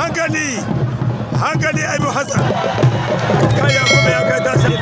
hankali hankali abu hassan kaya kuma ya kai tashi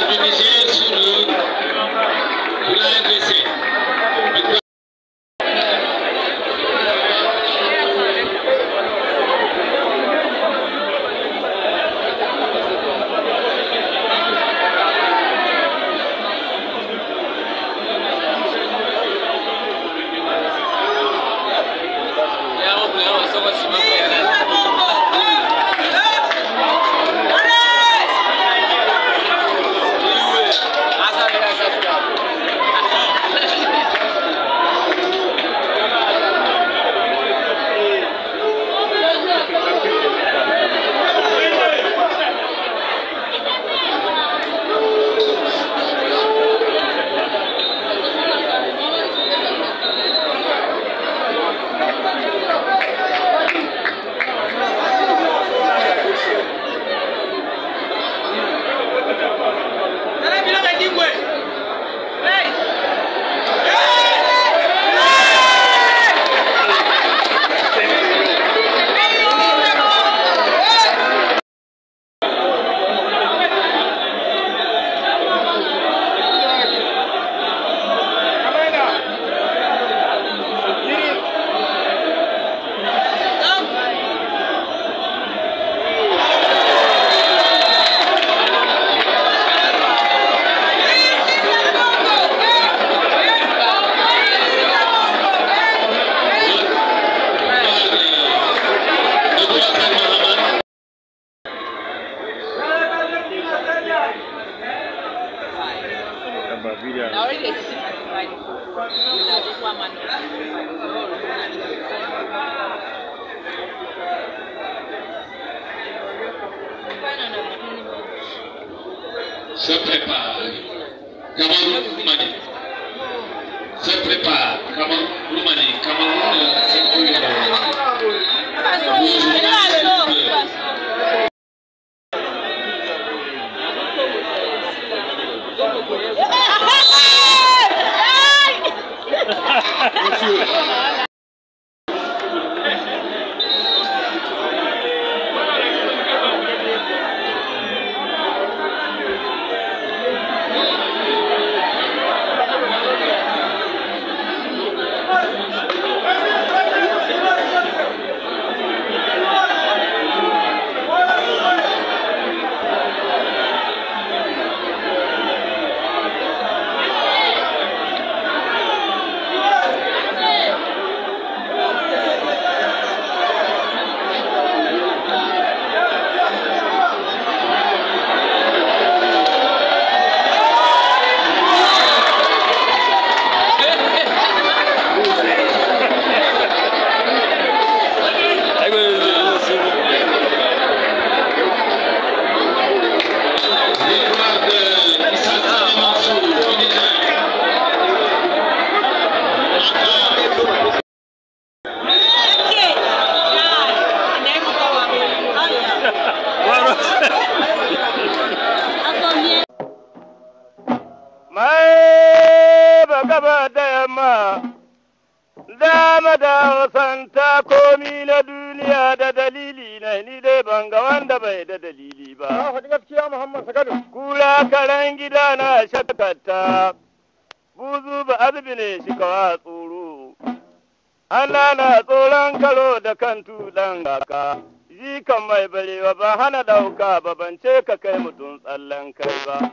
Parabéns, Jesus. se prepare. Cameroun, Mali. Se prepare. dalilai na duniya da dalili na ni dai ban ga wanda bai da dalili ba. faɗi Kura karen gida na shakatta. buzu ba azubi ne shi kawa tsoro. Allah na tsoron karo da kan tuɗan kaka. Ji kan mai barewa ba hana ɗauka ba ban ce ka kai mutum tsallan kai ba.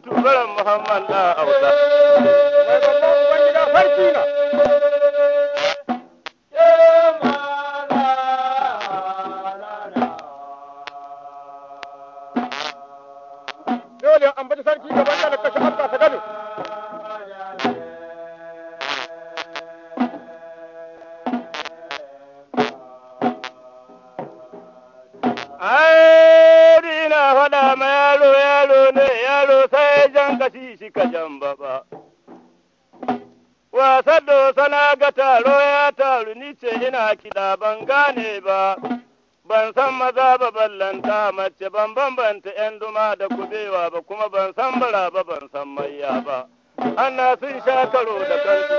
turan muhammad na auta. Mai babban wani da farki na. wasa na ga taro ya taru ni ce ina kiɗa ban gane ba ban san maza ba ballanta mace ban bambanta yan duma da kubewa ba kuma ban san bara ba ban san mayya ba na sun sha karo da kansu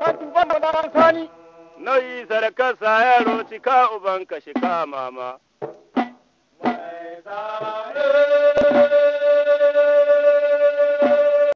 nauyin tuba da sani. ya roci ka uban ka shi shika mama.